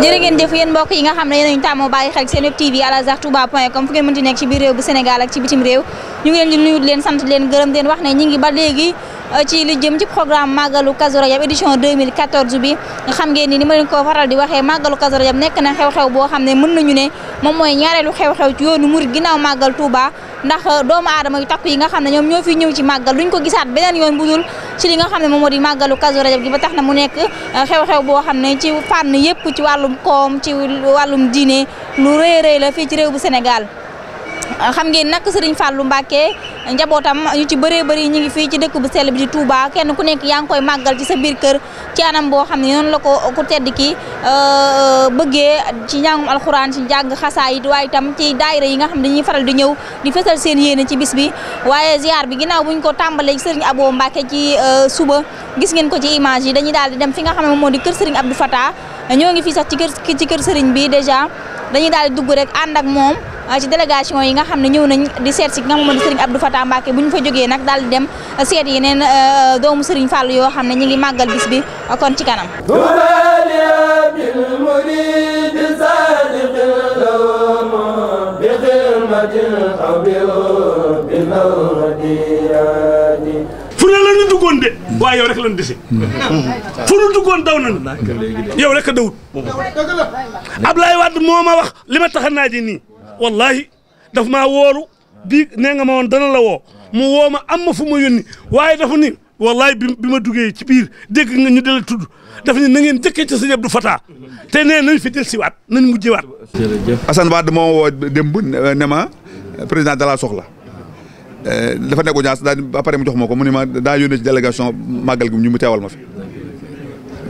jërë ngeen jëf yéen bokk yi nga xam ne yéen ñu tàmmoo bàyyi xel seen web tv alazhar touba point com fu ngeen mënti nekk ci biir réew bu Sénégal ak ci bitim réew ñu ngi leen di nuyu leen sant leen gërëm leen wax ne ñi ngi ba léegi euh, ci li jëm ci programme màggalu Kazu Rajab édition 2014 bi nga xam ngeen ni ni ma leen ko faral di waxee màggalu Kazu Rajab nekk na xew-xew boo xam ne mën nañu ne moom mooy ñaareelu xew-xew ci yoonu murid ginnaaw màggal Touba ndax euh, doomu aadama yu takk yi nga xam ne ñoom ñoo fi ñëw ci màggal duñ ko gisaat beneen yoon bu dul ci li nga xam ne moom moo di màggalu Kazu Rajab gi ba tax na mu nekk euh, xew-xew boo xam ne ci fànn yëpp ci wàllum koom ci wàllum diine lu rëy rëy la fii ci réew bu Sénégal xam ngeen nag Serigne Fallou Mbacké njabootam ñu ci bëree bëri ñu ngi fii ci dëkk bu sell bi di Touba kenn ku nekk yaa ngi koy màggal ci sa biir kër ci anam boo xam ne noonu la ko ku tedd ki euh, bëggee ci njàngum alxuraan ci njàng xasaayit waaye itam ci daayira yi nga xam dañuy faral di ñëw di fesal seen yéene ci bis bi waaye ziar bi ginnaaw buñ ko tàmbalee Serigne Abo Mbacké ci euh, suba gis ngeen ko ci image yi dañuy daal di dem fi nga xam moo di kër Serigne Abdou Fatah ñoo ngi fii sax ci kër ci kër Serigne bi déjà dañuy daal di dugg rek ànd ak moom Ah, ci délégation yi nga xam ne ñëw nañ di seet si ki nga xam ne Serigne Abdou Fatah Mbacké bu ñu fa jógee nag daal di dem eh, seet yeneen eh, doomu sëriñ Fallou yoo xam ne ñu ngi màggal bis bi eh, kon ci kanam fu ne la ñu duggoon de waaye yow rek la ñu dese fu nu duggoon daw nañu yow rek a dawut Ablaye Wade moo ma wax li ma tax a wallahi daf ma wóolu bii nee nga ma woon dana la woo mu woo ma am ma fu ma yónni waaye dafa ni wallahi bi bi ma duggee ci biir dégg nga ñu dala tudd dafa ni na ngeen jëkkee ci sëñ Abdou Fata te nee nañ fi del siwaat nañ mujjewaat Assane Wade moo woo démb euh, ne ma président de la soxla euh, dafa nekk audience daal ba pare mu jox ma ko mu ne ma daa yónnee ci délégation màggal gi ñu mu teewal ma fi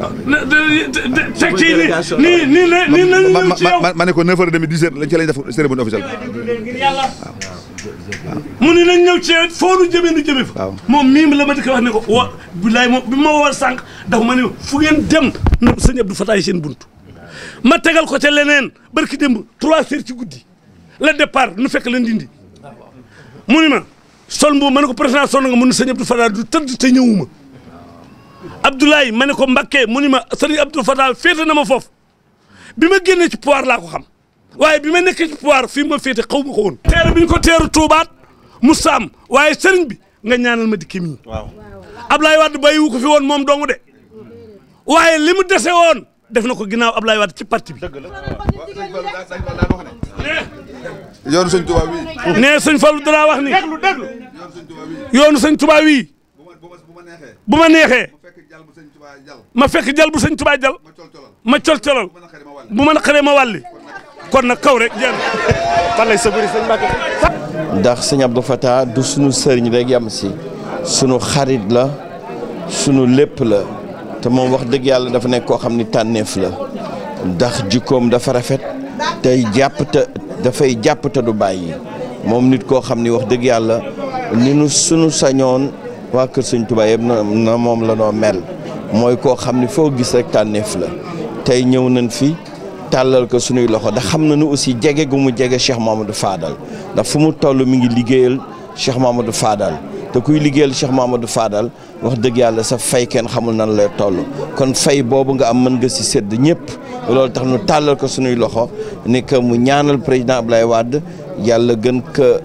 teg ci nii nii nii nii nañu ñëw ci yow. ma ne ko 9h30 10h ci mu ni nañ ñëw ci yow foo nu jëmee nu jëmee fa. moom mii la ma di ko wax ne ko wa bilaay moom bi ma war sànq dafa ma ne fu ngeen dem na sëñ Abdou Fatah seen buntu. ma tegal ko ca leneen barki démb 3h ci guddi la départ nu fekk leen dindi mu ni ma sol boobu ma ne ko président sonn nga mun na sëñ Abdou Fatah du tëdd te ñëwuma. Abdoulaye ma ne ko Mbakke mu ni ma sëriñ Abdou Fatal féete na ma foofu bi ma génnee ci pouvoir laa ko xam waaye bi ma nekkee ci pouvoir fii ma féete xaw ma ko woon. teeru bi ñu ko teeru tuubaat mu saam waaye sëriñ bi nga ñaanal ma dikki mii. waaw Abdoulaye Wade bàyyiwu ko fi woon moom dong de waaye li mu dese woon def na ko ginnaaw Abdoulaye Wade ci parti bi. dëgg la yoonu sëñ Tuubaa wi. nee sëñ Fallou danaa wax ni. déglu yoonu sëñ Tuubaa wi. bu ma neexee. ma fekk jal bu sëñ Tuubaa jal ma col colal bu ma naqaree ma wàlli kon nag kaw rek jeen fan lay saburi sëñ Mbàkke du suñu sëriñ rek yam si sunu xarit la sunu lépp la te moom wax dëgg yàlla dafa nekk koo xam ni tànneef la ndax jikkoom dafa rafet tey jàpp te dafay jàpp te du bàyyi moom nit koo xam ni wax dëgg yàlla ni nu sunu sañoon waa Kër Sëñ Touba yëpp na moom la noo mel mooy koo xam ni foo gis rek tànneef la tey ñëw nañ fi tàllal ko suñuy loxo da xam na nañu aussi jege gu mu jege Cheikh du faadal ndax fu mu toll mi ngi liggéeyal Cheikh du faadal te kuy liggéeyal Cheikh du faadal wax dëgg yàlla sa fay kenn xamul nan lay toll kon fay boobu nga am mën nga si sédd ñëpp loolu tax nu tàllal ko suñuy loxo ni que mu ñaanal président Ablaye Wade yàlla gën ko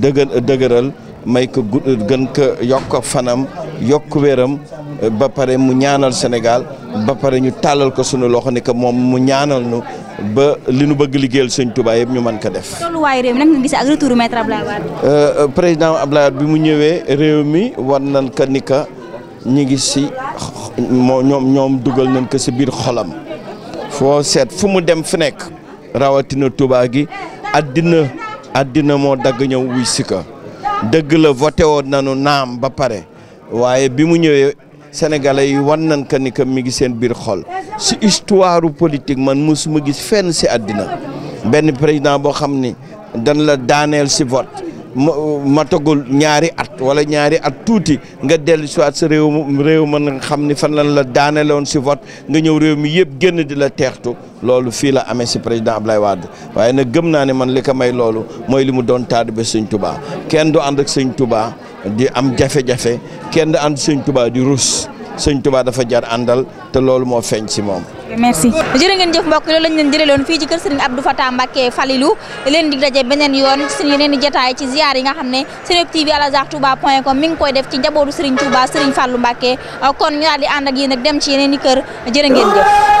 dëgë dëgëral. may ko gën ko yokk fanam yokk wéram ba pare mu ñaanal senegal ba pare ñu tàllal ko sunu loxo ni moom mu ñaanal nu ba li nu bëgg liggéeyal sëñ Touba yëpp ñu mën ko def. tolluwaayu réew euh, euh, président Abdoulaye Wade bi mu ñëwee réew mi war nañ ko ni que ñu ngi si moo ñoom ñoom dugal nañ ko si biir xolam foo seet fu mu dem fu nekk rawatina tubaa gi addina addina moo dagg ñëw wuy si ko dëgg la voté woon naam ba pare waaye bi mu ñëwee sénégalais yi wan nañ que ni que mi ngi seen biir xol si histoire politique man mosuma gis fenn si àddina benn président boo xam ni dañ la daaneel si vote matagul ñaari at wala ñaari at tuuti nga dellu si waat sa réew réew mën nga xam ni fan lan la daaneeloon si vote nga ñëw réew mi yëpp génn di la teextu loolu fii la amee si président lay Wade waaye nag gëm naa ne man li ko may loolu mooy li mu doon taadu taalibe sëñ Touba kenn du ànd ak sëñ Touba di am jafe-jafe kenn du ànd sëñ Touba di rus sëñ Touba dafa jar àndal te loolu moo feeñ si moom. merci jërë ngeen jëf mbokk loolu lañ leen jëleloon fii ci kër Serigne Abdou Fatah Mbacké Falilou leen di daje beneen yoon ci seen yeneen i jotaay ci ziar yi nga xam ne Seneweb TV alazar touba point com mi ngi koy def ci njabootu Serigne Touba Serigne Fallou Mbacké kon ñu daal di ak yéen ak dem ci yeneen i kër jërë ngeen jëf